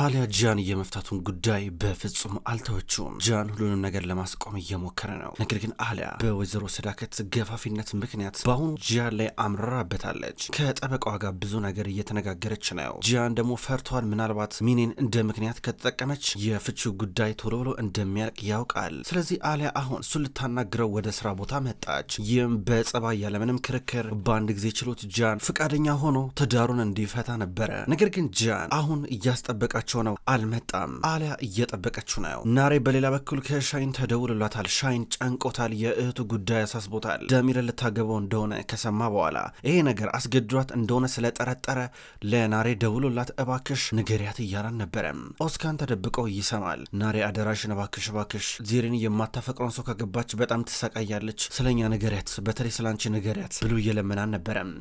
አሊያ ጃን የመፍታቱን ጉዳይ በፍጹም አልተወችውም። ጃን ሁሉንም ነገር ለማስቆም እየሞከረ ነው። ነገር ግን አሊያ በወይዘሮ ሰዳከት ገፋፊነት ምክንያት በአሁኑ ጃን ላይ አምራራበታለች። ከጠበቃዋ ጋር ብዙ ነገር እየተነጋገረች ነው። ጃን ደግሞ ፈርቷል። ምናልባት ሚኔን እንደ ምክንያት ከተጠቀመች የፍቹ ጉዳይ ቶሎ ብሎ እንደሚያልቅ ያውቃል። ስለዚህ አሊያ አሁን እሱን ልታናግረው ወደ ስራ ቦታ መጣች። ይህም በጸባ ያለምንም ክርክር በአንድ ጊዜ ችሎት ጃን ፍቃደኛ ሆኖ ትዳሩን እንዲፈታ ነበረ። ነገር ግን ጃን አሁን እያስጠበቃ እየጠበቃቸው ነው፣ አልመጣም። አሊያ እየጠበቀችው ነው። ናሬ በሌላ በኩል ከሻይን ተደውልላታል። ሻይን ጨንቆታል። የእህቱ ጉዳይ አሳስቦታል። ደሚረ ልታገባው እንደሆነ ከሰማ በኋላ ይሄ ነገር አስገድዷት እንደሆነ ስለጠረጠረ ለናሬ ደውሎላት እባክሽ ንገሪያት እያላን ነበረም። ኦስካን ተደብቆ ይሰማል። ናሬ አደራሽን እባክሽ እባክሽ ዜሬን የማታፈቅረውን ሰው ከገባች በጣም ትሰቃያለች፣ ስለኛ ንገሪያት፣ በተለይ ስላንቺ ንገሪያት ብሎ እየለመናን ነበረም።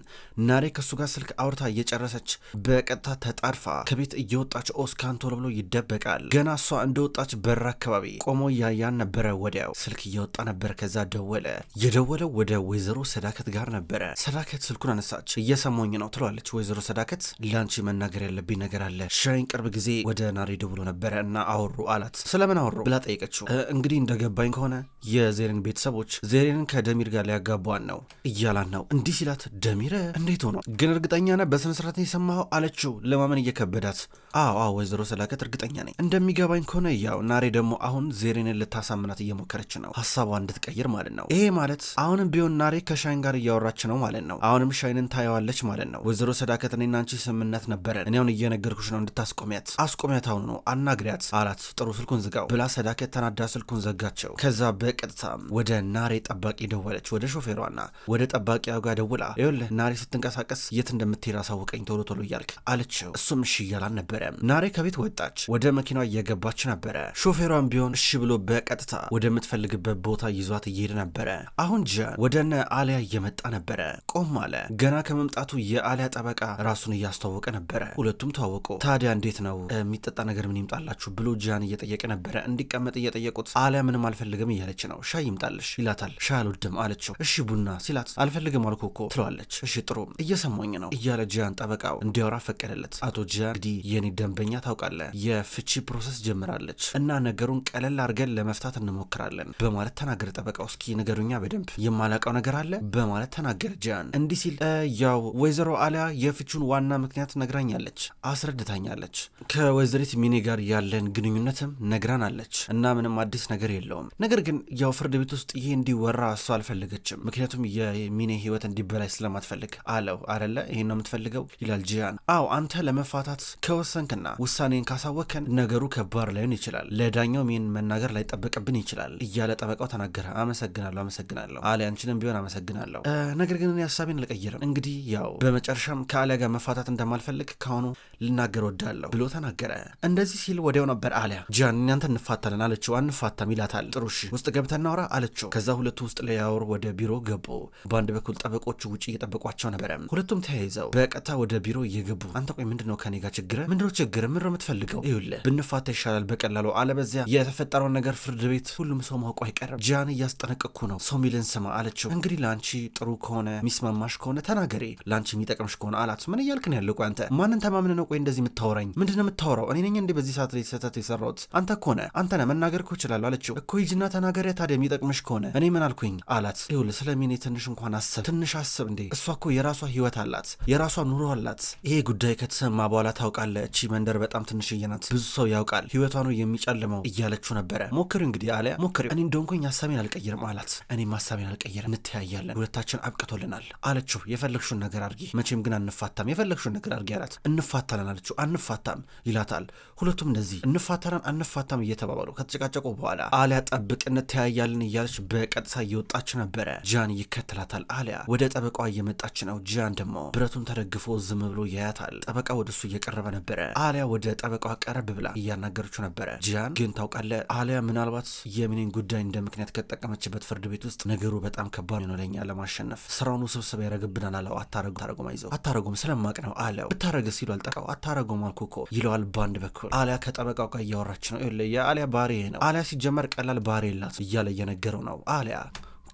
ናሬ ከእሱ ጋር ስልክ አውርታ እየጨረሰች በቀጥታ ተጣድፋ ከቤት እየወጣች ካንቶ ብሎ ይደበቃል። ገና እሷ እንደወጣች በር አካባቢ ቆሞ እያያን ነበረ። ወዲያው ስልክ እየወጣ ነበር። ከዛ ደወለ። የደወለው ወደ ወይዘሮ ሰዳከት ጋር ነበረ። ሰዳከት ስልኩን አነሳች። እየሰሞኝ ነው ትለዋለች። ወይዘሮ ሰዳከት ለአንቺ መናገር ያለብኝ ነገር አለ። ሻይን ቅርብ ጊዜ ወደ ናሬ ደውሎ ነበረ እና አወሩ አላት። ስለምን አወሩ ብላ ጠየቀችው። እንግዲህ እንደገባኝ ከሆነ የዜሬን ቤተሰቦች ዜሬንን ከደሚር ጋር ሊያጋቧን ነው እያላን ነው። እንዲህ ሲላት ደሚር እንዴት ሆኗ ግን እርግጠኛ ነህ በስነስርዓት የሰማኸው አለችው። ለማመን እየከበዳት አዎ አዎ ወይዘሮ ሰላከት እርግጠኛ ነኝ። እንደሚገባኝ ከሆነ ያው ናሬ ደግሞ አሁን ዜሬንን ልታሳምናት እየሞከረች ነው፣ ሀሳቧ እንድትቀይር ማለት ነው። ይሄ ማለት አሁንም ቢሆን ናሬ ከሻይን ጋር እያወራች ነው ማለት ነው። አሁንም ሻይንን ታየዋለች ማለት ነው። ወይዘሮ ሰዳከት እኔና አንቺ ስምምነት ነበረን፣ እኔ አሁን እየነገርኩሽ ነው እንድታስቆሚያት። አስቆሚያት አሁኑ ነው አናግሪያት አላት። ጥሩ ስልኩን ዝጋው ብላ ሰዳከት ተናዳ ስልኩን ዘጋቸው። ከዛ በቀጥታ ወደ ናሬ ጠባቂ ደወለች፣ ወደ ሾፌሯና ወደ ጠባቂዋ ጋር ደውላ ይኸውልህ ናሬ ስትንቀሳቀስ የት እንደምትሄድ አሳውቀኝ ቶሎ ቶሎ እያልክ አለችው። እሱም እሺ እያላን ነበረ ናሬ ከቤት ወጣች። ወደ መኪና እየገባች ነበረ። ሾፌሯን ቢሆን እሺ ብሎ በቀጥታ ወደምትፈልግበት ቦታ ይዟት እየሄደ ነበረ። አሁን ጃን ወደነ አሊያ እየመጣ ነበረ። ቆም አለ። ገና ከመምጣቱ የአሊያ ጠበቃ ራሱን እያስተዋወቀ ነበረ። ሁለቱም ተዋወቁ። ታዲያ እንዴት ነው የሚጠጣ ነገር ምን ይምጣላችሁ ብሎ ጃን እየጠየቀ ነበረ። እንዲቀመጥ እየጠየቁት አሊያ ምንም አልፈልግም እያለች ነው። ሻይ ይምጣልሽ ይላታል። ሻይ አልወድም አለችው። እሺ ቡና ሲላት አልፈልግም አልኩ እኮ ትለዋለች። እሺ ጥሩ እየሰሞኝ ነው እያለ ጃን ጠበቃው እንዲያወራ ፈቀደለት። አቶ ጃን እንግዲህ የኔ ደንበኛ ታውቃለህ፣ የፍቺ ፕሮሰስ ጀምራለች እና ነገሩን ቀለል አድርገን ለመፍታት እንሞክራለን በማለት ተናገረ። ጠበቃው እስኪ ንገሩኛ በደንብ የማላውቀው ነገር አለ በማለት ተናገረ። ጃን። እንዲህ ሲል ያው ወይዘሮ አሊያ የፍቹን ዋና ምክንያት ነግራኛለች፣ አስረድታኛለች። ከወይዘሪት ሚኔ ጋር ያለን ግንኙነትም ነግራናለች እና ምንም አዲስ ነገር የለውም። ነገር ግን ያው ፍርድ ቤት ውስጥ ይሄ እንዲወራ እሱ አልፈለገችም፣ ምክንያቱም የሚኔ ህይወት እንዲበላሽ ስለማትፈልግ አለው። አለ ይሄን ነው የምትፈልገው ይላል ጂያን። አዎ አንተ ለመፋታት ከወሰንክና ውሳኔን ካሳወከን ነገሩ ከባድ ላይሆን ይችላል፣ ለዳኛውም ይህን መናገር ላይጠበቅብን ይችላል እያለ ጠበቃው ተናገረ። አመሰግናለሁ አመሰግናለሁ አሊ፣ አንቺንም ቢሆን አመሰግናለሁ። ነገር ግን እኔ ሀሳቤን አልቀይርም። እንግዲህ ያው በመጨረሻም ከአሊያ ጋር መፋታት እንደማልፈልግ ከአሁኑ ልናገር ወዳለሁ ብሎ ተናገረ። እንደዚህ ሲል ወዲያው ነበር አሊያ ጃን፣ እናንተ እንፋታለን አለችው። አንፋታም ይላታል። ጥሩ እሺ ውስጥ ገብተን እናውራ አለችው። ከዛ ሁለቱ ውስጥ ለያወሩ ወደ ቢሮ ገቡ። በአንድ በኩል ጠበቆቹ ውጭ እየጠበቋቸው ነበረ። ሁለቱም ተያይዘው በቀጥታ ወደ ቢሮ እየገቡ አንተ ቆይ ምንድነው ከኔ ጋር ምንድነው ችግር የምር የምትፈልገው ይኸውልህ ብንፋታ ይሻላል በቀላሉ አለበዚያ የተፈጠረውን ነገር ፍርድ ቤት ሁሉም ሰው ማውቁ አይቀርም። ጂያን እያስጠነቀቅኩ ነው፣ ሰው ሚልን ስማ አለችው። እንግዲህ ለአንቺ ጥሩ ከሆነ ሚስማማሽ ከሆነ ተናገሬ ለአንቺ የሚጠቅምሽ ከሆነ አላት። ምን እያልክን ያለ ቆይ አንተ ማንን ተማምን ነው ቆይ እንደዚህ የምታወራኝ? ምንድን የምታወራው? እኔ ነኝ እንዴ በዚህ ሰዓት ላይ ስህተት የሰራሁት? አንተ ከሆነ አንተ ነህ መናገር እኮ እችላለሁ አለችው። እኮ ሂጂና ተናገሪያ ታዲያ የሚጠቅምሽ ከሆነ እኔ ምን አልኩኝ አላት። ይኸውልህ ስለሚኔ ትንሽ እንኳን አስብ፣ ትንሽ አስብ እንዴ እሷ እኮ የራሷ ህይወት አላት፣ የራሷ ኑሮ አላት። ይሄ ጉዳይ ከተሰማ በኋላ ታውቃለህ እቺ መንደር በጣም ትንሽዬ ናት፣ ብዙ ሰው ያውቃል፣ ህይወቷ ነው የሚጨልመው እያለችው ነበረ። ሞክር እንግዲህ አሊያ ሞክሪ፣ እኔ እንደሆንኩኝ ሀሳቤን አልቀይርም አላት። እኔም ሀሳቤን አልቀይርም፣ እንተያያለን፣ ሁለታችን አብቅቶልናል አለችው። የፈለግሽውን ነገር አድርጊ፣ መቼም ግን አንፋታም፣ የፈለግሽውን ነገር አድርጊ አላት። እንፋታለን አለችው። አንፋታም ይላታል። ሁለቱም እንደዚህ እንፋታለን አንፋታም እየተባባሉ ከተጨቃጨቁ በኋላ አሊያ ጠብቅ፣ እንተያያለን እያለች በቀጥታ እየወጣች ነበረ። ጃን ይከተላታል። አሊያ ወደ ጠበቃዋ እየመጣች ነው። ጃን ደግሞ ብረቱን ተደግፎ ዝም ብሎ ያያታል። ጠበቃ ወደሱ እየቀረበ ነበረ። አሊያ ወደ ጠበቃዋ ቀረብ ብላ እያናገረችው ነበረ። ጂያን ግን ታውቃለ አሊያ ምናልባት የሚኒን ጉዳይ እንደ ምክንያት ከተጠቀመችበት ፍርድ ቤት ውስጥ ነገሩ በጣም ከባድ ነው ለኛ ለማሸነፍ ስራውን ውስብስብ ያደረግብናል አለው። አታረጉ ታረጉም አይዘው አታረጉም ስለማቅ ነው አለው። ብታረግ ሲሉ ጠቃው። አታረጉም አልኩ እኮ ይለዋል በአንድ በኩል። አሊያ ከጠበቃው ጋር እያወራች ነው። የአሊያ ባህሪ ነው። አሊያ ሲጀመር ቀላል ባህሪ የላት እያለ እየነገረው ነው አሊያ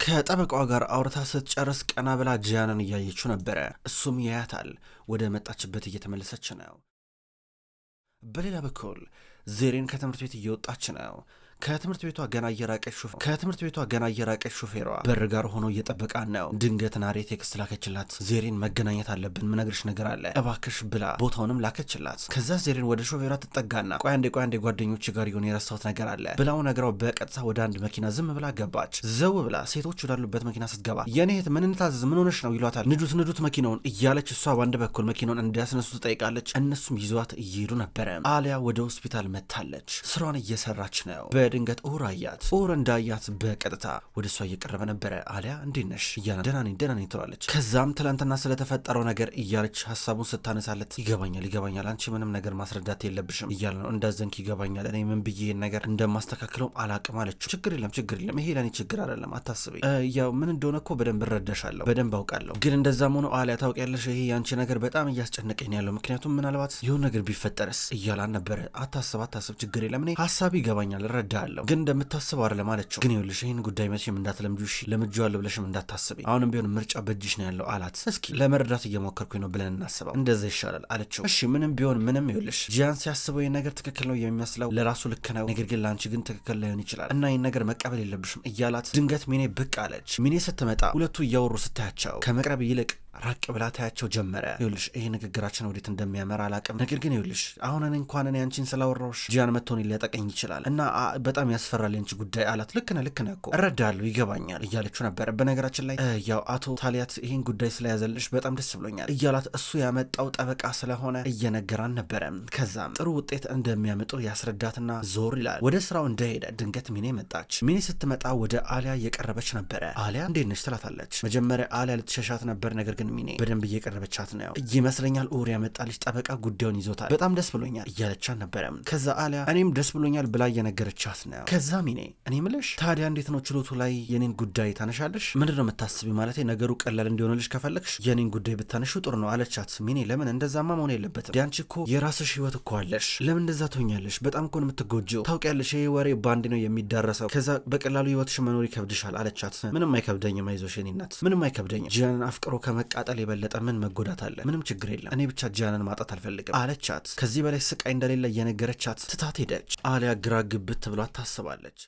ከጠበቃዋ ጋር አውርታ ስትጨርስ ቀና ብላ ጂያንን እያየችው ነበረ። እሱም ያያታል። ወደ መጣችበት እየተመለሰች ነው። በሌላ በኩል ዜሬን ከትምህርት ቤት እየወጣች ነው። ከትምህርት ቤቷ ገና እየራቀች ሹፌ ከትምህርት ቤቷ ገና እየራቀች ሹፌሯ በር ጋር ሆኖ እየጠበቃን ነው። ድንገት ናሬ ቴክስት ላከችላት። ዜሬን መገናኘት አለብን፣ ምነግርሽ ነገር አለ እባክሽ ብላ ቦታውንም ላከችላት። ከዛ ዜሬን ወደ ሾፌሯ ትጠጋና ቆይ አንዴ ቆይ አንዴ ጓደኞች ጋር የሆነ የረሳሁት ነገር አለ ብላው ነግራው በቀጥታ ወደ አንድ መኪና ዝም ብላ ገባች። ዘው ብላ ሴቶች ወዳሉበት መኪና ስትገባ የኔ እህት ምን እንታዘዝ ምን ሆነሽ ነው ይሏታል። ንዱት ንዱት መኪናውን እያለች እሷ በአንድ በኩል መኪናውን እንዲያስነሱ ትጠይቃለች። እነሱም ይዟት እየሄዱ ነበረ። አሊያ ወደ ሆስፒታል መታለች። ስራዋን እየሰራች ነው። በድንገት ኦር አያት። ኦር እንዳያት በቀጥታ ወደ እሷ እየቀረበ ነበረ። አሊያ እንዴት ነሽ እያለ ደህና ነኝ ደህና ነኝ ትላለች። ከዛም ትላንትና ስለተፈጠረው ነገር እያለች ሀሳቡን ስታነሳለት ይገባኛል ይገባኛል፣ አንቺ ምንም ነገር ማስረዳት የለብሽም እያለ ነው። እንዳዘንክ ይገባኛል፣ እኔ ምን ብዬ ነገር እንደማስተካክለውም አላቅም አለችው። ችግር የለም ችግር የለም፣ ይሄ ለእኔ ችግር አይደለም፣ አታስቢ። ያው ምን እንደሆነ እኮ በደንብ እረዳሻለሁ፣ በደንብ አውቃለሁ። ግን እንደዛም ሆኖ አሊያ ታውቂያለሽ፣ ይሄ የአንቺ ነገር በጣም እያስጨነቀኝ ያለው ምክንያቱም ምናልባት ይሁን ነገር ቢፈጠርስ እያላን ነበረ። አታስብ አታስብ፣ ችግር የለም፣ እኔ ሀሳብ ይገባኛል፣ እረዳ እወድሃለሁ ግን እንደምታስበው አይደለም አለችው። ግን ይኸውልሽ ይህን ጉዳይ መቼም እንዳትለምጂው እሺ፣ ለምጄዋለሁ ብለሽም እንዳታስቢ። አሁንም ቢሆን ምርጫ በእጅሽ ነው ያለው አላት። እስኪ ለመረዳት እየሞከርኩኝ ነው ብለን እናስበው፣ እንደዛ ይሻላል አለችው። እሺ ምንም ቢሆን ምንም፣ ይኸውልሽ ጂያን ሲያስበው ይህ ነገር ትክክል ነው የሚመስለው ለራሱ ልክ ነው፣ ነገር ግን ለአንቺ ግን ትክክል ላይሆን ይችላል እና ይህን ነገር መቀበል የለብሽም እያላት ድንገት ሚኔ ብቅ አለች። ሚኔ ስትመጣ ሁለቱ እያወሩ ስታያቸው ከመቅረብ ይልቅ ራቅ ብላ ታያቸው ጀመረ። ይኸውልሽ ይሄ ንግግራችን ወዴት እንደሚያመራ አላቅም፣ ነገር ግን ይኸውልሽ አሁን እኔ እንኳን እኔ አንቺን ስላወራሁሽ ጂያን መጥቶን ሊያጠቀኝ ይችላል እና በጣም ያስፈራል የአንቺ ጉዳይ አላት። ልክ ነህ ልክ ነህ እኮ እረዳለሁ፣ ይገባኛል እያለችው ነበረ በነገራችን ላይ ያው አቶ ታሊያት ይህን ጉዳይ ስለያዘልሽ በጣም ደስ ብሎኛል እያላት እሱ ያመጣው ጠበቃ ስለሆነ እየነገራን ነበረ። ከዛም ጥሩ ውጤት እንደሚያመጡ ያስረዳትና ዞር ይላል። ወደ ስራው እንደሄደ ድንገት ሚኔ መጣች። ሚኔ ስትመጣ ወደ አሊያ እየቀረበች ነበረ። አሊያ እንዴት ነች ትላታለች። መጀመሪያ አሊያ ልትሸሻት ነበር ነገር ግን ግን ሚኔ በደንብ እየቀረበቻት ነው ይመስለኛል። ኡር ያመጣልሽ ጠበቃ ጉዳዩን ይዞታል፣ በጣም ደስ ብሎኛል እያለቻት ነበረም። ከዛ አሊያ እኔም ደስ ብሎኛል ብላ እየነገረቻት ነው። ከዛ ሚኔ እኔ ምልሽ ታዲያ እንዴት ነው ችሎቱ ላይ የኔን ጉዳይ ታነሻለሽ? ምንድን ነው የምታስቢ? ማለት ነገሩ ቀላል እንዲሆንልሽ ከፈለግሽ የኔን ጉዳይ ብታነሽው ጥሩ ነው አለቻት። ሚኔ ለምን እንደዛማ መሆን የለበትም ዲያንቺ እኮ የራስሽ ህይወት እኮ አለሽ። ለምን እንደዛ ትሆኛለሽ? በጣም እኮ ነው የምትጎጂው። ታውቂያለሽ ይህ ወሬ ባንድ ነው የሚዳረሰው። ከዛ በቀላሉ ህይወትሽ መኖር ይከብድሻል አለቻት። ምንም አይከብደኝም አይዞሽ የኔ እናት ምንም አይከብደኝም። ጂያንን አፍቅሮ ከመቀ ከመቃጠል የበለጠ ምን መጎዳት አለ? ምንም ችግር የለም። እኔ ብቻ ጃንን ማጣት አልፈልግም አለቻት። ከዚህ በላይ ስቃይ እንደሌለ እየነገረቻት ትታት ሄደች። አሊያ ግራ ግብት ብሏት ታስባለች።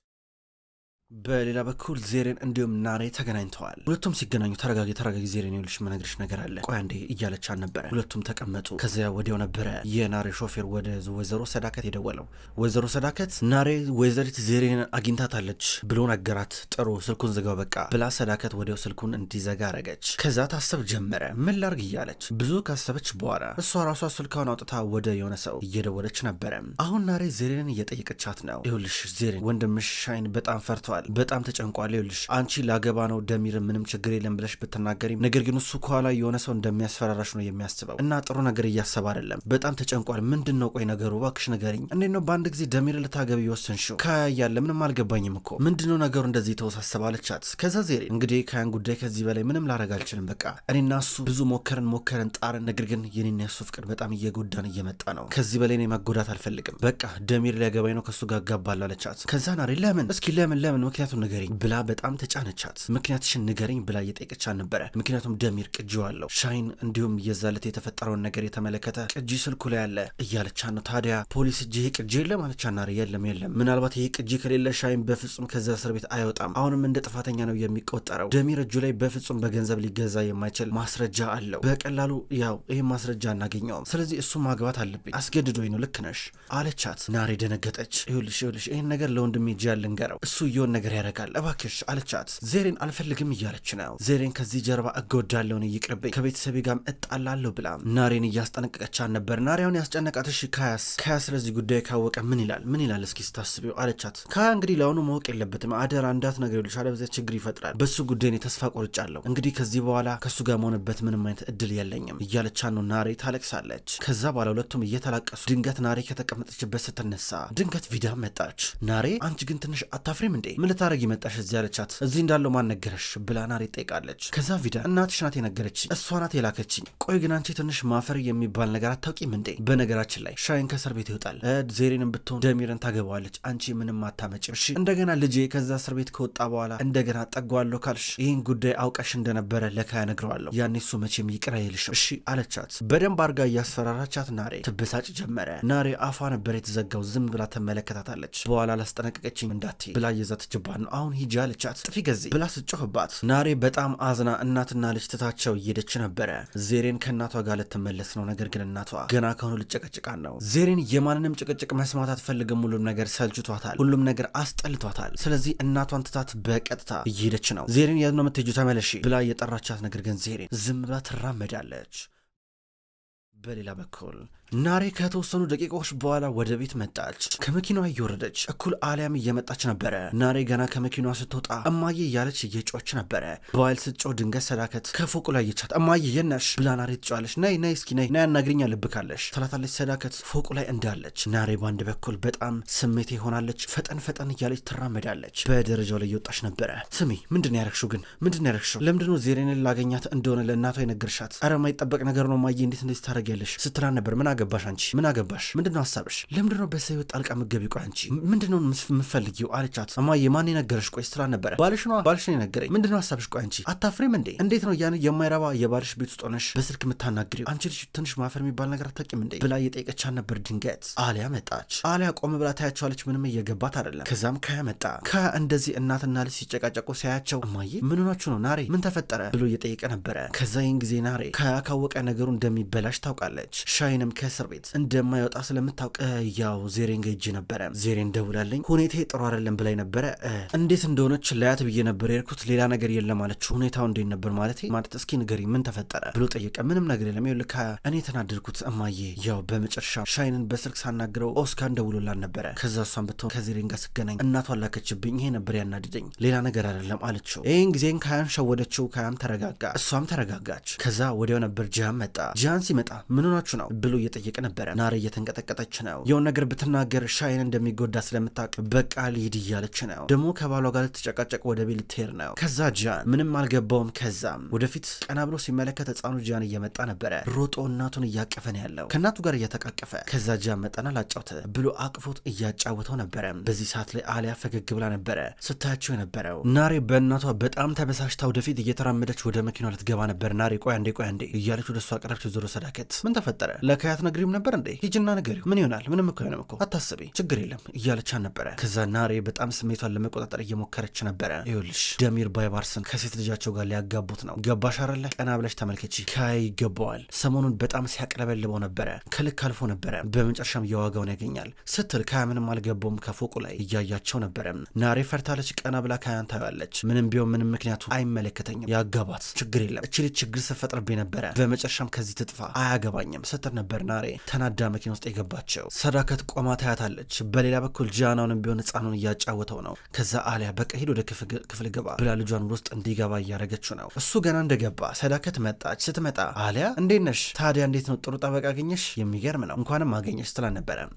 በሌላ በኩል ዜሬን እንዲሁም ናሬ ተገናኝተዋል። ሁለቱም ሲገናኙ ተረጋጊ ተረጋጊ፣ ዜሬን ይኸውልሽ መነግርሽ ነገር አለ፣ ቆይ አንዴ እያለች አልነበረ። ሁለቱም ተቀመጡ። ከዚያ ወዲያው ነበረ የናሬ ሾፌር ወደ ወይዘሮ ሰዳከት የደወለው። ወይዘሮ ሰዳከት ናሬ ወይዘሪት ዜሬን አግኝታታለች ብሎ ነገራት። ጥሩ ስልኩን ዝጋው በቃ ብላ ሰዳከት ወዲያው ስልኩን እንዲዘጋ አረገች። ከዛ ታሰብ ጀመረ። ምን ላርግ እያለች ብዙ ካሰበች በኋላ እሷ ራሷ ስልካውን አውጥታ ወደ የሆነ ሰው እየደወለች ነበረ። አሁን ናሬ ዜሬንን እየጠየቀቻት ነው። ይኸውልሽ ዜሬን ወንድምሽ ሻይን በጣም ፈርቷል ይገባል። በጣም ተጨንቋል። ይኸውልሽ አንቺ ላገባ ነው ደሚር ምንም ችግር የለም ብለሽ ብትናገሪም ነገር ግን እሱ ከኋላ የሆነ ሰው እንደሚያስፈራራሽ ነው የሚያስበው እና ጥሩ ነገር እያሰብ አይደለም። በጣም ተጨንቋል። ምንድን ነው ቆይ ነገሩ እባክሽ ንገሪኝ። እንዴት ነው በአንድ ጊዜ ደሚር ልታገቢ የወሰንሽው? ካያ ምንም አልገባኝም እኮ ምንድን ነው ነገሩ እንደዚህ የተወሳሰበ አለቻት። ከዛ ዜሬ እንግዲህ ከያን ጉዳይ ከዚህ በላይ ምንም ላረግ አልችልም። በቃ እኔና እሱ ብዙ ሞከርን ሞከርን ጣርን። ነገር ግን የኔና የሱ ፍቅር በጣም እየጎዳን እየመጣ ነው። ከዚህ በላይ እኔ መጎዳት አልፈልግም። በቃ ደሚር ሊያገባኝ ነው ከእሱ ጋር ጋባላለቻት። ከዛ ናሬ ለምን እስኪ ለምን ለምን ምክንያቱም ንገረኝ ብላ በጣም ተጫነቻት። ምክንያትሽን ንገረኝ ብላ እየጠየቀቻት ነበረ። ምክንያቱም ደሚር ቅጂ አለው ሻይን፣ እንዲሁም የዛለት የተፈጠረውን ነገር የተመለከተ ቅጂ ስልኩ ላይ አለ እያለቻ ነው። ታዲያ ፖሊስ እጅ ይሄ ቅጂ የለም አለቻ። ናር የለም የለም፣ ምናልባት ይሄ ቅጂ ከሌለ ሻይን በፍጹም ከዛ እስር ቤት አይወጣም። አሁንም እንደ ጥፋተኛ ነው የሚቆጠረው። ደሚር እጁ ላይ በፍጹም በገንዘብ ሊገዛ የማይችል ማስረጃ አለው። በቀላሉ ያው ይህም ማስረጃ አናገኘውም። ስለዚህ እሱ ማግባት አለብኝ፣ አስገድዶኝ ነው። ልክ ነሽ አለቻት። ናሬ ደነገጠች። ይኸውልሽ ይኸውልሽ፣ ይህን ነገር ለወንድሜ እጅ ያልንገረው እሱ እየሆን ነገር ያደርጋል። እባክሽ አለቻት። ዜሬን አልፈልግም እያለች ነው። ዜሬን ከዚህ ጀርባ እጎዳለውን እይቅርብኝ ከቤተሰቤ ጋም እጣላለሁ ብላ ናሬን እያስጠነቀቀቻን ነበር። ናሪያውን ያስጨነቃት እሺ ካያስ ስለዚህ ጉዳይ ካወቀ ምን ይላል ምን ይላል እስኪ ስታስቢው አለቻት። ካያ እንግዲህ ለአሁኑ ማወቅ የለበትም አደራ እንዳት ነገር ይልሽ አለበዚያ ችግር ይፈጥራል። በሱ ጉዳይ እኔ ተስፋ ቆርጫለሁ። እንግዲህ ከዚህ በኋላ ከሱ ጋር መሆንበት ምንም አይነት እድል የለኝም እያለቻ ነው። ናሬ ታለቅሳለች። ከዛ በኋላ ሁለቱም እየተላቀሱ ድንገት ናሬ ከተቀመጠችበት ስትነሳ ድንገት ቪዳ መጣች። ናሬ አንቺ ግን ትንሽ አታፍሪም እንዴ? ምን ልታደረግ ይመጣሽ እዚህ አለቻት። እዚህ እንዳለው ማን ነገረሽ ብላ ናሬ ጠይቃለች። ከዛ ቪዳ እናትሽ ናት የነገረችኝ፣ እሷ ናት የላከችኝ። ቆይ ግን አንቺ ትንሽ ማፈር የሚባል ነገር አታውቂም እንዴ? በነገራችን ላይ ሻይን ከእስር ቤት ይወጣል፣ ዜሬንም ብትሆን ደሚርን ታገባዋለች። አንቺ ምንም አታመጭም። እሺ እንደገና ልጄ ከዛ እስር ቤት ከወጣ በኋላ እንደገና ጠጓለሁ ካልሽ ይህን ጉዳይ አውቀሽ እንደነበረ ለካያ ነግረዋለሁ። ያኔ እሱ መቼም ይቅር አይልሽም። እሺ አለቻት። በደንብ አርጋ እያስፈራራቻት ናሬ ትብሳጭ ጀመረ። ናሬ አፏ ነበር የተዘጋው። ዝም ብላ ትመለከታታለች። በኋላ ላስጠነቀቀችኝ እንዳትዪ ብላ የዛት እየጮኸችባት ነው። አሁን ሂጂ አለቻት። ጥፊ ገዜ ብላ ስጮህባት ናሬ በጣም አዝና እናትና ልጅ ትታቸው እየሄደች ነበረ። ዜሬን ከእናቷ ጋር ልትመለስ ነው። ነገር ግን እናቷ ገና ከሆኑ ልጨቀጭቃን ነው። ዜሬን የማንንም ጭቅጭቅ መስማት አትፈልግም። ሁሉም ነገር ሰልችቷታል። ሁሉም ነገር አስጠልቷታል። ስለዚህ እናቷን ትታት በቀጥታ እየሄደች ነው። ዜሬን የት ነው የምትሄጂው? ተመለሺ ብላ የጠራቻት ነገር ግን ዜሬን ዝም ብላ ትራመዳለች። በሌላ በኩል ናሬ ከተወሰኑ ደቂቃዎች በኋላ ወደ ቤት መጣች። ከመኪናዋ እየወረደች እኩል አሊያም እየመጣች ነበረ። ናሬ ገና ከመኪናዋ ስትወጣ እማዬ እያለች እየጮች ነበረ። በኃይል ስትጮህ ድንገት ሰዳከት ከፎቁ ላይ እየቻት እማዬ የነሽ ብላ ናሬ ትጮለች። ነይ ነይ እስኪ ነይ ነይ አናግርኛ ልብካለሽ ትላታለች። ሰዳከት ፎቁ ላይ እንዳለች ናሬ በአንድ በኩል በጣም ስሜት ይሆናለች። ፈጠን ፈጠን እያለች ትራመዳለች። በደረጃው ላይ እየወጣች ነበረ። ስሚ ምንድን ያረግሽው ግን ምንድን ያረግሽው? ለምድኖ ዜሬንን ላገኛት እንደሆነ ለእናቷ የነገርሻት? ኧረ የማይጠበቅ ነገር ነው እማዬ፣ እንዴት እንደዚህ ታደርጊያለሽ? ስትላን ነበር ምና አገባሽ አንቺ? ምን አገባሽ? ምንድነው ሀሳብሽ? ለምንድነው በሰው ህይወት ጣልቃ ምትገቢው? ቆይ አንቺ ምንድነው የምትፈልጊው? አለቻት። እማዬ ማን የነገረሽ? ቆይ ስራ ነበረ ባልሽ ነው ባልሽ ነው የነገረኝ። ምንድነው ሀሳብሽ? ቆይ አንቺ አታፍሬም እንዴ? እንዴት ነው ያን የማይረባ የባልሽ ቤት ውስጥ ሆነሽ በስልክ የምታናግሪው? አንቺ ልጅ ትንሽ ማፈር የሚባል ነገር አታውቂም እንዴ? ብላ እየጠየቀቻት ነበር። ድንገት አሊያ መጣች። አሊያ ቆም ብላ ታያቸዋለች። ምንም እየገባት አይደለም። ከዛም ከያ መጣ። ከያ እንደዚህ እናትና ልጅ ሲጨቃጨቁ ሲያያቸው እማዬ ምን ሆናችሁ ነው? ናሬ ምን ተፈጠረ? ብሎ እየጠየቀ ነበረ። ከዛ ይህን ጊዜ ናሬ ከያ ካወቀ ነገሩ እንደሚበላሽ ታውቃለች። ሻይንም ከ ከእስር ቤት እንደማይወጣ ስለምታውቅ ያው ዜሬን ገጅ ነበረ። ዜሬን ደውላልኝ ሁኔታ ጥሩ አይደለም ብላይ ነበረ። እንዴት እንደሆነች ላያት ብዬ ነበር የሄድኩት። ሌላ ነገር የለም አለችው። ሁኔታው እንዴት ነበር ማለት ማለት እስኪ ንገሪ ምን ተፈጠረ ብሎ ጠየቀ። ምንም ነገር የለም ልካ እኔ የተናደድኩት እማዬ ያው በመጨረሻ ሻይንን በስልክ ሳናግረው ኦስካን ደውሎላን ነበረ። ከዛ እሷን ብትሆን ከዜሬን ጋር ስገናኝ እናቷ ላከችብኝ። ይሄ ነበር ያናድደኝ፣ ሌላ ነገር አይደለም አለችው። ይህን ጊዜን ካያን ሸወደችው። ካያን ተረጋጋ፣ እሷም ተረጋጋች። ከዛ ወዲያው ነበር ጃን መጣ። ጃን ሲመጣ ምን ሆናችሁ ነው ብሎ ስትጠይቅ ነበረ። ናሬ እየተንቀጠቀጠች ነው። የሆነ ነገር ብትናገር ሻይን እንደሚጎዳ ስለምታውቅ በቃ ልሂድ እያለች ነው። ደግሞ ከባሏ ጋር ልትጨቃጨቅ ወደ ቤት ልትሄድ ነው። ከዛ ጃን ምንም አልገባውም። ከዛም ወደፊት ቀና ብሎ ሲመለከት ህፃኑ ጃን እየመጣ ነበረ። ሮጦ እናቱን እያቀፈ ነው ያለው፣ ከእናቱ ጋር እየተቃቀፈ። ከዛ ጃን መጠና ላጫውት ብሎ አቅፎት እያጫወተው ነበረ። በዚህ ሰዓት ላይ አሊያ ፈገግ ብላ ነበረ ስታያቸው የነበረው። ናሬ በእናቷ በጣም ተበሳሽታ ወደፊት እየተራመደች ወደ መኪና ልትገባ ነበር። ናሬ ቆይ አንዴ ቆይ አንዴ እያለች ወደ እሷ ቀረብች። ዞሮ ሰዳከት ምን ተፈጠረ ለካያት አትነግሪውም ነበር እንዴ? ሂጂና ንገሪው። ምን ይሆናል? ምንም እኮ አይሆንም እኮ አታስቢ፣ ችግር የለም እያለቻን ነበረ። ከዛ ናሬ በጣም ስሜቷን ለመቆጣጠር እየሞከረች ነበረ። ይኸውልሽ ደሚር ባይባርስን ከሴት ልጃቸው ጋር ሊያጋቡት ነው። ገባሽ አለ። ቀና ብለሽ ተመልከቺ። ከይ ይገባዋል። ሰሞኑን በጣም ሲያቅለበልበው ነበረ፣ ከልክ አልፎ ነበረ። በመጨረሻም የዋጋውን ያገኛል ስትል ከያ ምንም አልገባውም። ከፎቁ ላይ እያያቸው ነበረ። ናሬ ፈርታለች። ቀና ብላ ከያን ታያለች። ምንም ቢሆን ምንም ምክንያቱ አይመለከተኝም፣ ያጋባት ችግር የለም። እችሊ ችግር ስፈጥርቤ ነበረ። በመጨረሻም ከዚህ ትጥፋ አያገባኝም ስትል ነበርና ዛሬ ተናዳ መኪና ውስጥ የገባቸው። ሰዳከት ቆማ ታያታለች። በሌላ በኩል ጃናውንም ቢሆን ህፃኑን እያጫወተው ነው። ከዛ አሊያ በቃ ሂድ ወደ ክፍል ገባ ብላ ልጇን ውስጥ እንዲገባ እያደረገችው ነው። እሱ ገና እንደገባ ሰዳከት መጣች። ስትመጣ አሊያ እንዴት ነሽ? ታዲያ እንዴት ነው ጥሩ ጠበቃ አገኘሽ? የሚገርም ነው እንኳንም አገኘሽ ስትላ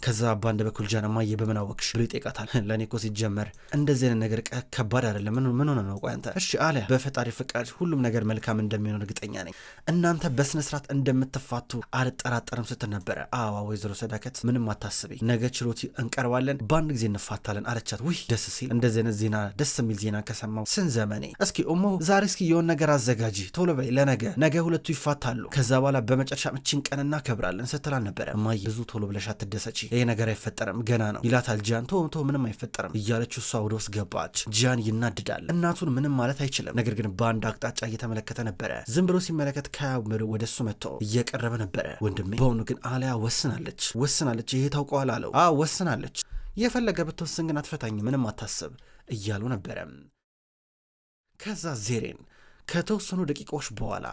ከዛ በአንድ በኩል ጃና ማየ በምን አወቅሽ ብሎ ይጠይቃታል። ለእኔ እኮ ሲጀመር እንደዚህ አይነት ነገር ከባድ አይደለም። ምን ሆነ ነው? ቆይ አንተ እሺ አሊያ፣ በፈጣሪ ፍቃድ ሁሉም ነገር መልካም እንደሚሆን እርግጠኛ ነኝ። እናንተ በስነ እንደምትፋቱ አልጠራጠርም ስትል ነበረ። አዋ ወይዘሮ ሰዳከት ምንም አታስቢ፣ ነገ ችሎት እንቀርባለን፣ በአንድ ጊዜ እንፋታለን አለቻት። ውይ ደስ ሲል እንደዚህ አይነት ዜና ደስ የሚል ዜና ከሰማው ስን ዘመኔ። እስኪ እሞ ዛሬ እስኪ የሆን ነገር አዘጋጂ ቶሎ በይ ለነገ። ነገ ሁለቱ ይፋታሉ፣ ከዛ በኋላ በመጨረሻ ምችን ቀን እናከብራለን ስትላል ነበረ። እማዬ ብዙ ቶሎ ብለሽ አትደሰች፣ ይሄ ነገር አይፈጠርም ገና ነው ይላታል ጃን። ቶ ቶ ምንም አይፈጠርም እያለች እሷ ወደ ውስጥ ገባች። ጃን ይናድዳል። እናቱን ምንም ማለት አይችልም፣ ነገር ግን በአንድ አቅጣጫ እየተመለከተ ነበረ። ዝም ብሎ ሲመለከት ከያ ወደ እሱ መጥቶ እየቀረበ ነበረ። ወንድሜ በአሁኑ ግን አሊያ ወስናለች ወስናለች፣ ይሄ ታውቀዋል አለው። አ ወስናለች፣ የፈለገ ብትወስን ግን አትፈታኝ፣ ምንም አታስብ እያሉ ነበረ። ከዛ ዜሬን ከተወሰኑ ደቂቃዎች በኋላ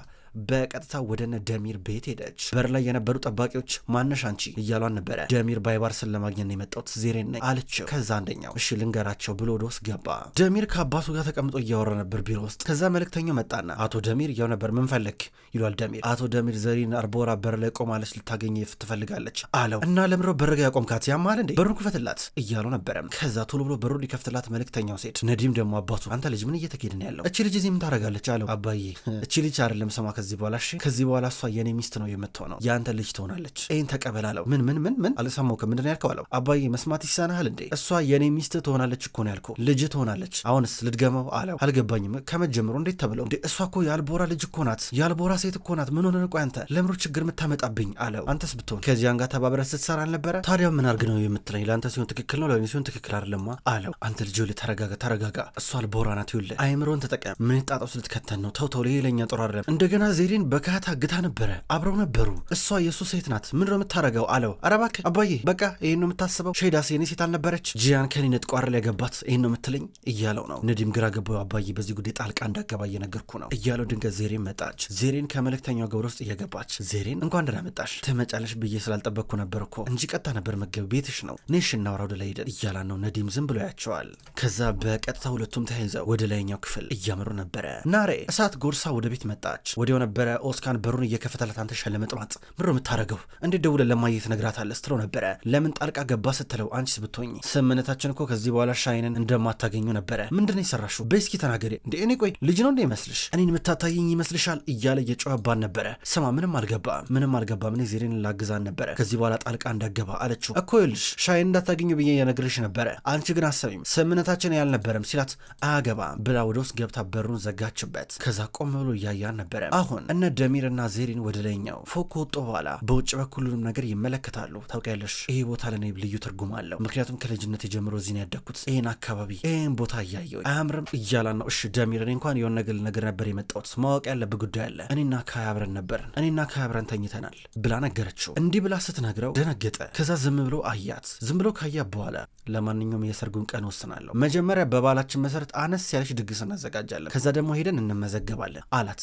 በቀጥታ ወደ ነ ደሚር ቤት ሄደች። በር ላይ የነበሩ ጠባቂዎች ማነሽ አንቺ እያሏን ነበረ። ደሚር ባይባርስን ለማግኘት ነው የመጣሁት ዜሬን ነኝ አለችው። ከዛ አንደኛው እሺ ልንገራቸው ብሎ ወደ ውስጥ ገባ። ደሚር ከአባቱ ጋር ተቀምጦ እያወራ ነበር ቢሮ ውስጥ። ከዛ መልእክተኛው መጣና አቶ ደሚር ያው ነበር ምን ፈለግ ይሏል ደሚር። አቶ ደሚር ዘሪን አርቦራ በር ላይ ቆማለች፣ ልታገኘ ትፈልጋለች አለው እና ለምሮ በርጋ ያቆምካት ያማል እንዴ በሩን ክፈትላት እያለው ነበረ። ከዛ ቶሎ ብሎ በሩን ሊከፍትላት መልእክተኛው ሴት ነዲም ደግሞ አባቱ አንተ ልጅ ምን እየተኬድን ያለው እቺ ልጅ እዚህ ምን ታደርጋለች አለው። አባዬ እቺ ልጅ አይደለም ሰማ ከዚህ በኋላ እሺ፣ ከዚህ በኋላ እሷ የኔ ሚስት ነው የምትሆነው፣ የአንተ ልጅ ትሆናለች። ይህን ተቀበላለው። አለው። ምን ምን ምን ምን አልሰማሁም፣ ምንድን ያልከው አለው። አባዬ መስማት ይሳናሃል እንዴ? እሷ የኔ ሚስት ትሆናለች እኮ ነው ያልኩህ፣ ልጅ ትሆናለች። አሁንስ ልድገመው አለው። አልገባኝም፣ ከመጀመሩ እንዴት ተብለው እንዴ? እሷ እኮ የአልቦራ ልጅ እኮ ናት፣ የአልቦራ ሴት እኮ ናት። ምን ሆነ ነው? ቆይ አንተ ለምሮ ችግር የምታመጣብኝ አለው። አንተስ ብትሆን ከዚያን ጋር ተባብረህ ስትሰራ አልነበረ? ታዲያ ምን አርግ ነው የምትለኝ? ለአንተ ሲሆን ትክክል ነው፣ ለእኔ ሲሆን ትክክል አይደለማ አለው። አንተ ልጅ ል ተረጋጋ፣ ተረጋጋ። እሷ አልቦራ ናት፣ ይውልህ አይምሮን ተጠቀም። ምን ጣጣ ውስጥ ልትከተን ነው? ተው ተው፣ ይለኛ ጥሩ አይደለም። እንደገና ዜሬን በካታ ግታ ነበረ። አብረው ነበሩ። እሷ የእሱ ሴት ናት። ምን ነው የምታረገው አለው። አረባክ አባዬ በቃ ይህን ነው የምታስበው። ሼዳስ የኔ ሴት አልነበረች። ጂያን ከኔ ነጥቆ ላይ ገባት። ይህን ነው የምትለኝ እያለው ነው። ነዲም ግራ ገባው። አባዬ በዚህ ጉዳይ ጣልቃ እንዳገባ እየነገርኩ ነው እያለው ድንገት ዜሬን መጣች። ዜሬን ከመልእክተኛው ገብረ ውስጥ እየገባች ዜሬን እንኳን ደህና መጣሽ ትመጫለሽ ብዬ ስላልጠበቅኩ ነበር እኮ እንጂ ቀጥታ ነበር መገብ ቤትሽ ነው ነሽ እናውራ ወደ ላይ ሄደን እያላ ነው። ነዲም ዝም ብሎ ያቸዋል። ከዛ በቀጥታ ሁለቱም ተያይዘው ወደ ላይኛው ክፍል እያመሩ ነበረ። ናሬ እሳት ጎርሳ ወደ ቤት መጣች። ወዲያ ስትለው ነበረ። ኦስካን በሩን እየከፈተላት አንተ ሸለመጥማጥ ምሮ የምታደርገው እንዴት ደውለን ለማየት ነግራታለህ ስትለው ነበረ። ለምን ጣልቃ ገባ ስትለው አንቺስ ብትሆኝ ስምምነታችን እኮ ከዚህ በኋላ ሻይንን እንደማታገኙ ነበረ። ምንድን የሰራሽው? በስኪ እስኪ ተናገሪ እንዴ። እኔ ቆይ ልጅ ነው እንደ ይመስልሽ እኔን የምታታየኝ ይመስልሻል? እያለ እየጮኸባን ነበረ። ስማ ምንም አልገባ ምንም አልገባ ምን ዜሬን ላግዛን ነበረ። ከዚህ በኋላ ጣልቃ እንዳገባ አለችው። እኮ ይልሽ ሻይን እንዳታገኙ ብዬ የነግርሽ ነበረ። አንቺ ግን አሰሚም ስምምነታችን ያልነበረም ሲላት አያገባ ብላ ወደ ውስጥ ገብታ በሩን ዘጋችበት። ከዛ ቆም ብሎ እያያን ነበረ። አሁን እነ ደሚርና ዜሪን ወደ ላይኛው ፎቅ ከወጡ በኋላ በውጭ በኩል ሁሉንም ነገር ይመለከታሉ። ታውቂያለሽ ይሄ ቦታ ለእኔ ልዩ ትርጉም አለው። ምክንያቱም ከልጅነት የጀምሮ እዚህ ያደግኩት ይህን አካባቢ ይህን ቦታ እያየው አያምርም እያላ ነው። እሺ ደሚር፣ እኔ እንኳን የሆነ ነገር ልነግር ነበር የመጣሁት። ማወቅ ያለብህ ጉዳይ አለ። እኔና ካያ አብረን ነበርን፣ እኔና ካያ አብረን ተኝተናል ብላ ነገረችው። እንዲህ ብላ ስትነግረው ደነገጠ። ከዛ ዝም ብሎ አያት። ዝም ብሎ ካያ በኋላ ለማንኛውም የሰርጉን ቀን ወስናለሁ። መጀመሪያ በባህላችን መሰረት አነስ ያለች ድግስ እናዘጋጃለን። ከዛ ደግሞ ሄደን እንመዘገባለን አላት።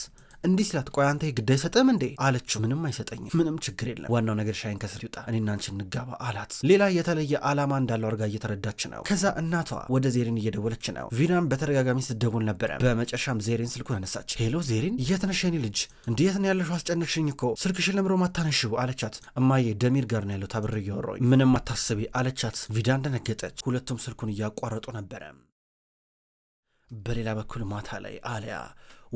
እንዲህ ስላት ቆይ አንተ ግድ አይሰጥም እንዴ አለችው። ምንም አይሰጠኝ ምንም ችግር የለም ዋናው ነገር ሻይን ከስር ይውጣ፣ እኔና አንቺ እንጋባ አላት። ሌላ የተለየ ዓላማ እንዳለው አርጋ እየተረዳች ነው። ከዛ እናቷ ወደ ዜሬን እየደወለች ነው። ቪናም በተደጋጋሚ ስትደውል ነበረ። በመጨረሻም ዜሬን ስልኩን አነሳች። ሄሎ ዜሬን፣ የት ነሽ የኔ ልጅ? እንዲህ የት ነው ያለሽው? አስጨነቅሽኝ እኮ ስልክሽን ለምሮ ማታነሽው አለቻት። እማዬ ደሚር ጋር ነው ያለው ታብር እያወራኝ፣ ምንም አታስቢ አለቻት። ቪዳን ደነገጠች። ሁለቱም ስልኩን እያቋረጡ ነበረ። በሌላ በኩል ማታ ላይ አሊያ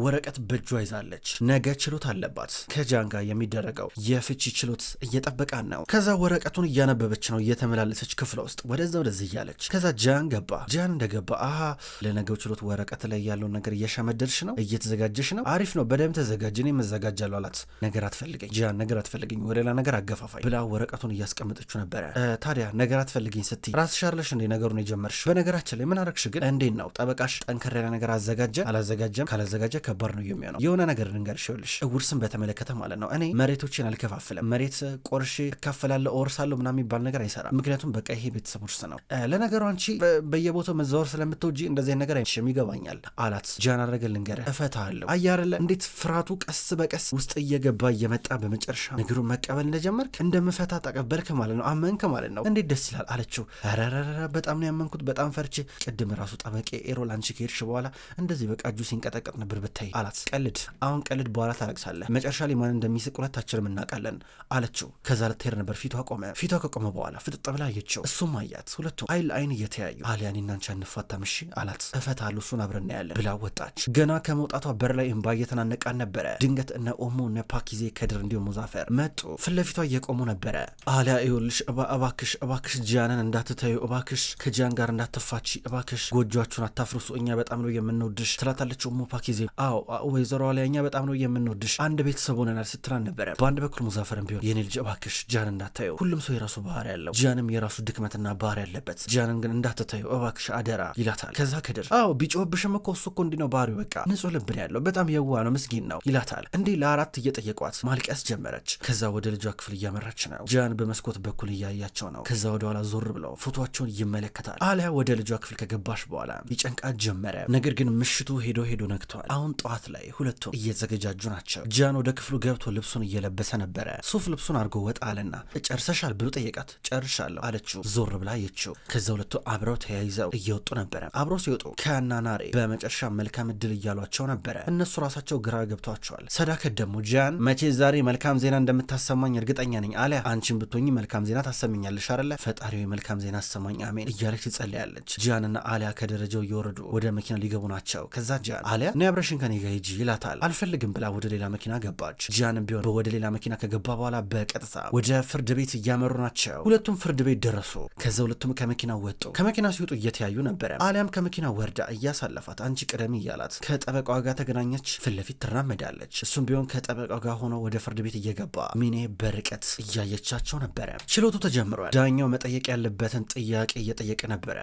ወረቀት በእጇ ይዛለች። ነገ ችሎት አለባት። ከጃን ጋር የሚደረገው የፍቺ ችሎት እየጠበቃን ነው። ከዛ ወረቀቱን እያነበበች ነው እየተመላለሰች ክፍለ ውስጥ ወደዛ ወደዚህ እያለች። ከዛ ጃን ገባ። ጃን እንደገባ አሀ ለነገው ችሎት ወረቀት ላይ ያለውን ነገር እየሸመደድሽ ነው፣ እየተዘጋጀሽ ነው። አሪፍ ነው፣ በደንብ ተዘጋጅ፣ እኔ መዘጋጃለሁ አላት። ነገር አትፈልገኝ ጃን፣ ነገር አትፈልገኝ፣ ወደ ሌላ ነገር አገፋፋይ ብላ ወረቀቱን እያስቀመጠችው ነበረ። ታዲያ ነገር አትፈልገኝ ስትይ ራስሽ አይደለሽ እንዴ ነገሩን የጀመርሽ? በነገራችን ላይ ምን አረግሽ ግን? እንዴት ነው ጠበቃሽ? ጠንከር ያለ ነገር አዘጋጀ አላዘጋጀም? ካላዘጋጀ ከባድ ነው የሚሆነው። የሆነ ነገር ልንገርሽ፣ ይኸውልሽ ውርስን በተመለከተ ማለት ነው እኔ መሬቶችን አልከፋፍልም። መሬት ቆርሼ እካፈላለሁ እወርሳለሁ ምናምን የሚባል ነገር አይሰራም። ምክንያቱም በቃ ይሄ ቤተሰብ ውርስ ነው። ለነገሩ አንቺ በየቦታው መዛወር ስለምትወጂ እንደዚህ ነገር አይችም፣ ይገባኛል አላት። ጃን አረገ ልንገርህ፣ እፈታለሁ። አያርለ እንዴት ፍርሃቱ ቀስ በቀስ ውስጥ እየገባ እየመጣ በመጨረሻ ነገሩን መቀበል እንደጀመርክ እንደምፈታ ተቀበልክ ማለት ነው፣ አመንክ ማለት ነው። እንዴት ደስ ይላል አለችው። ረረረረ በጣም ነው ያመንኩት፣ በጣም ፈርቼ። ቅድም ራሱ ጠበቄ ኤሮል አንቺ ከሄድሽ በኋላ እንደዚህ በቃ እጁ ሲንቀጠቀጥ ነበር አትይ አላት። ቀልድ አሁን ቀልድ፣ በኋላ ታለቅሳለህ። መጨረሻ ላይ ማን እንደሚስቅ ሁለታችንም እናውቃለን አለችው። ከዛ ልትሄድ ነበር፣ ፊቷ ቆመ። ፊቷ ከቆመ በኋላ ፍጥጥ ብላ አየችው፣ እሱም አያት። ሁለቱም አይን ለአይን እየተያዩ አሊያ እኔና አንቺ አንፋታም እሺ አላት። እፈታለሁ፣ እሱን አብረን እናያለን ብላ ወጣች። ገና ከመውጣቷ በር ላይ እንባ እየተናነቃን ነበረ። ድንገት እነ ኦሞ እነ ፓኪዜ ከድር እንዲሁም ሙዛፈር መጡ። ፊት ለፊቷ እየቆሙ ነበረ። አሊያ ይኸውልሽ፣ እባክሽ እባክሽ ጂያንን እንዳትተዩ እባክሽ፣ ከጂያን ጋር እንዳትፋች እባክሽ፣ ጎጆችሁን አታፍርሱ፣ እኛ በጣም ነው የምንወድሽ ትላታለች ኦሞ ፓኪዜ። አዎ ወይዘሮ አሊያኛ በጣም ነው የምንወድሽ አንድ ቤተሰብ ሆነናል ስትል አልነበረ። በአንድ በኩል ሙዛፈርን ቢሆን የኔ ልጅ እባክሽ ጃን እንዳታየው፣ ሁሉም ሰው የራሱ ባህሪ ያለው፣ ጃንም የራሱ ድክመትና ባህሪ ያለበት፣ ጃንን ግን እንዳትታየው እባክሽ አደራ ይላታል። ከዛ ከድር አዎ ቢጮህብሽም እኮ እሱ እኮ እንዲህ ነው ባህሪው፣ በቃ ንጹህ ልብ ነው ያለው፣ በጣም የዋ ነው ምስጊን ነው ይላታል። እንዲህ ለአራት እየጠየቋት ማልቀስ ጀመረች። ከዛ ወደ ልጇ ክፍል እያመራች ነው። ጃን በመስኮት በኩል እያያቸው ነው። ከዛ ወደ ኋላ ዞር ብለው ፎቶቸውን ይመለከታል። አሊያ ወደ ልጇ ክፍል ከገባሽ በኋላ ይጨንቃት ጀመረ። ነገር ግን ምሽቱ ሄዶ ሄዶ ነግቷል። አሁን ጠዋት ላይ ሁለቱም እየተዘገጃጁ ናቸው። ጃን ወደ ክፍሉ ገብቶ ልብሱን እየለበሰ ነበረ። ሱፍ ልብሱን አድርጎ ወጣ አለና ጨርሰሻል ብሎ ጠየቃት። ጨርሻለሁ አለችው። ዞር ብላ አየችው። ከዚ ሁለቱ አብረው ተያይዘው እየወጡ ነበረ። አብረው ሲወጡ ከያና ናሬ በመጨረሻ መልካም እድል እያሏቸው ነበረ። እነሱ ራሳቸው ግራ ገብቷቸዋል። ሰዳከት ደግሞ ጃን መቼ ዛሬ መልካም ዜና እንደምታሰማኝ እርግጠኛ ነኝ አሊያ አንቺን ብትሆኝ መልካም ዜና ታሰሚኛለሽ አለ ፈጣሪ መልካም ዜና አሰማኝ አሜን እያለች ትጸልያለች። ጂያንና አሊያ ከደረጃው እየወረዱ ወደ መኪና ሊገቡ ናቸው። ከዛ ጃን አሊያ ነው አብረሽን እባክሽን ከኔ ጋር ሂጂ ይላታል። አልፈልግም ብላ ወደ ሌላ መኪና ገባች። ጂያንም ቢሆን ወደ ሌላ መኪና ከገባ በኋላ በቀጥታ ወደ ፍርድ ቤት እያመሩ ናቸው። ሁለቱም ፍርድ ቤት ደረሱ። ከዚ ሁለቱም ከመኪና ወጡ። ከመኪና ሲወጡ እየተያዩ ነበረ። አሊያም ከመኪና ወርዳ እያሳለፋት አንቺ ቅደም እያላት ከጠበቃዋ ጋር ተገናኘች። ፊት ለፊት ትራመዳለች። እሱም ቢሆን ከጠበቃ ጋር ሆኖ ወደ ፍርድ ቤት እየገባ ሚኔ በርቀት እያየቻቸው ነበረ። ችሎቱ ተጀምሯል። ዳኛው መጠየቅ ያለበትን ጥያቄ እየጠየቀ ነበረ።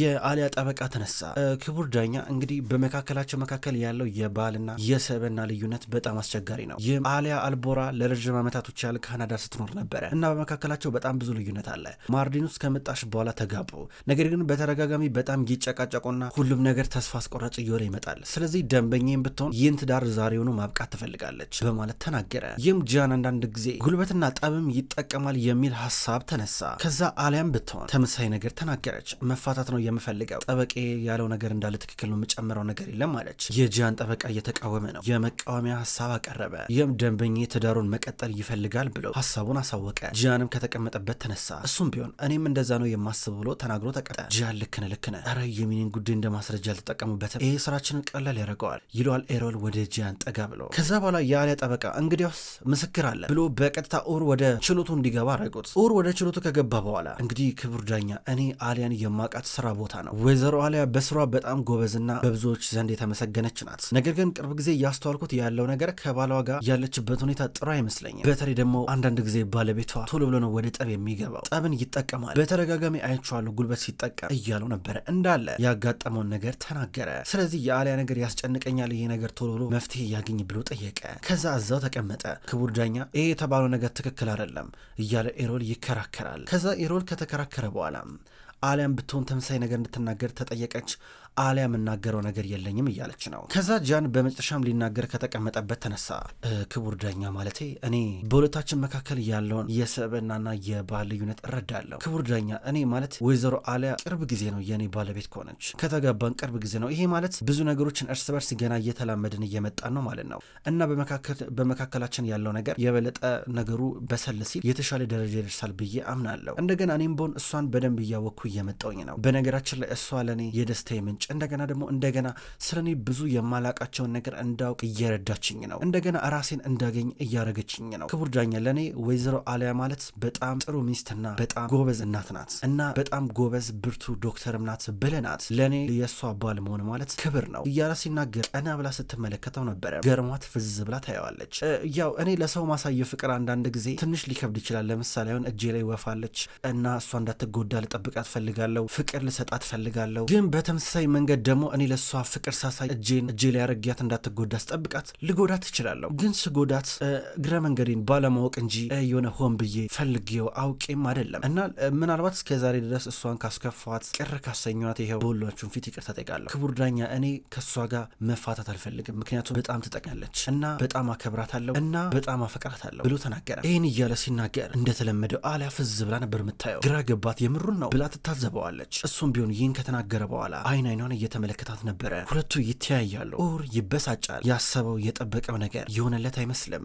የአሊያ ጠበቃ ተነሳ። ክቡር ዳኛ እንግዲህ በመካከላቸው መካከል ያለው የባህልና የሰብዕና ልዩነት በጣም አስቸጋሪ ነው። ይህም አሊያ አልቦራ ለረዥም ዓመታቶች ያህል ካናዳ ስትኖር ነበረ እና በመካከላቸው በጣም ብዙ ልዩነት አለ። ማርዲኑስ ከመጣሽ በኋላ ተጋቡ። ነገር ግን በተደጋጋሚ በጣም ይጨቃጨቁና ሁሉም ነገር ተስፋ አስቆራጭ እየሆነ ይመጣል። ስለዚህ ደንበኛም ብትሆን ይህን ትዳር ዛሬውኑ ማብቃት ትፈልጋለች በማለት ተናገረ። ይህም ጃን አንዳንድ ጊዜ ጉልበትና ጠብም ይጠቀማል የሚል ሀሳብ ተነሳ። ከዛ አሊያም ብትሆን ተመሳሳይ ነገር ተናገረች። መፋታት ነው የምፈልገው ጠበቄ ያለው ነገር እንዳለ ትክክል ነው፣ የምጨምረው ነገር የለም አለች። የጃን ጠበ ጠበቃ እየተቃወመ ነው። የመቃወሚያ ሀሳብ አቀረበ። ይህም ደንበኛ ትዳሩን መቀጠል ይፈልጋል ብሎ ሀሳቡን አሳወቀ። ጂያንም ከተቀመጠበት ተነሳ። እሱም ቢሆን እኔም እንደዛ ነው የማስብ ብሎ ተናግሮ ተቀጠ። ጂያን ልክነ ልክነ ረ የሚኒን ጉዳይ እንደ ማስረጃ አልተጠቀሙበትም። ይህ ስራችንን ቀላል ያደርገዋል ይለዋል ኤሮል ወደ ጂያን ጠጋ ብሎ። ከዛ በኋላ የአሊያ ጠበቃ እንግዲያውስ ምስክር አለ ብሎ በቀጥታ ኡር ወደ ችሎቱ እንዲገባ አረጉት። ኡር ወደ ችሎቱ ከገባ በኋላ እንግዲህ ክቡር ዳኛ እኔ አሊያን የማውቃት ስራ ቦታ ነው። ወይዘሮ አሊያ በስሯ በጣም ጎበዝና በብዙዎች ዘንድ የተመሰገነች ናት። ነገር ግን ቅርብ ጊዜ እያስተዋልኩት ያለው ነገር ከባሏ ጋር ያለችበት ሁኔታ ጥሩ አይመስለኝም። በተለይ ደግሞ አንዳንድ ጊዜ ባለቤቷ ቶሎ ብሎ ነው ወደ ጠብ የሚገባው፣ ጠብን ይጠቀማል። በተደጋጋሚ አይቼዋለሁ ጉልበት ሲጠቀም እያለው ነበረ። እንዳለ ያጋጠመውን ነገር ተናገረ። ስለዚህ የአሊያ ነገር ያስጨንቀኛል፣ ይሄ ነገር ቶሎ ብሎ መፍትሄ ያገኝ ብሎ ጠየቀ። ከዛ እዛው ተቀመጠ። ክቡር ዳኛ ይሄ የተባለው ነገር ትክክል አይደለም እያለ ኤሮል ይከራከራል። ከዛ ኤሮል ከተከራከረ በኋላ አሊያም ብትሆን ተመሳሳይ ነገር እንድትናገር ተጠየቀች። አሊያ የምናገረው ነገር የለኝም እያለች ነው። ከዛ ጃን በመጨረሻም ሊናገር ከተቀመጠበት ተነሳ። ክቡር ዳኛ ማለቴ እኔ በሁለታችን መካከል ያለውን የሰብዕናና የባህል ልዩነት እረዳለሁ። ክቡር ዳኛ እኔ ማለት ወይዘሮ አሊያ ቅርብ ጊዜ ነው የእኔ ባለቤት ከሆነች ከተጋባን ቅርብ ጊዜ ነው። ይሄ ማለት ብዙ ነገሮችን እርስ በርስ ገና እየተላመድን እየመጣን ነው ማለት ነው እና በመካከላችን ያለው ነገር የበለጠ ነገሩ በሰል ሲል የተሻለ ደረጃ ይደርሳል ብዬ አምናለሁ። እንደገና እኔም በሆን እሷን በደንብ እያወቅኩ እየመጣውኝ ነው። በነገራችን ላይ እሷ ለእኔ የደስታ ምንጭ ውጭ እንደገና ደግሞ እንደገና ስለኔ ብዙ የማላቃቸውን ነገር እንዳውቅ እየረዳችኝ ነው። እንደገና ራሴን እንዳገኝ እያረገችኝ ነው። ክቡር ዳኛ ለእኔ ወይዘሮ አሊያ ማለት በጣም ጥሩ ሚስትና በጣም ጎበዝ እናት ናት እና በጣም ጎበዝ ብርቱ ዶክተርም ናት ብለናት ለእኔ የእሷ ባል መሆን ማለት ክብር ነው እያለ ሲናገር ቀና ብላ ስትመለከተው ነበረ። ገርሟት ፍዝ ብላ ታየዋለች። ያው እኔ ለሰው ማሳየው ፍቅር አንዳንድ ጊዜ ትንሽ ሊከብድ ይችላል። ለምሳሌ አሁን እጄ ላይ ወፋለች እና እሷ እንዳትጎዳ ልጠብቃት ፈልጋለሁ፣ ፍቅር ልሰጣት ፈልጋለሁ ግን በተመሳሳይ መንገድ ደግሞ እኔ ለእሷ ፍቅር ሳሳይ እጄን እጄ ላይ ያረግያት እንዳትጎዳ ስጠብቃት ልጎዳት እችላለሁ። ግን ስጎዳት እግረ መንገዴን ባለማወቅ እንጂ የሆነ ሆን ብዬ ፈልጌው አውቄም አይደለም እና ምናልባት እስከ ዛሬ ድረስ እሷን ካስከፋት ቅር ካሰኘኋት ይኸው በሁላችሁም ፊት ይቅርታ ጠይቃለሁ። ክቡር ዳኛ፣ እኔ ከእሷ ጋር መፋታት አልፈልግም፣ ምክንያቱም በጣም ትጠቅኛለች እና በጣም አከብራታለሁ እና በጣም አፈቅራታለሁ ብሎ ተናገረ። ይህን እያለ ሲናገር እንደተለመደው አሊያ ፍዝ ብላ ነበር የምታየው። ግራ ገባት። የምሩን ነው ብላ ትታዘበዋለች። እሱም ቢሆን ይህን ከተናገረ በኋላ አይን አይኗ አይኗን እየተመለከታት ነበረ። ሁለቱ ይተያያሉ። ኡር ይበሳጫል። ያሰበው የጠበቀው ነገር የሆነለት አይመስልም።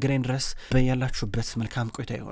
እስከምንገናኝ ድረስ በያላችሁበት መልካም ቆይታ ይሆን።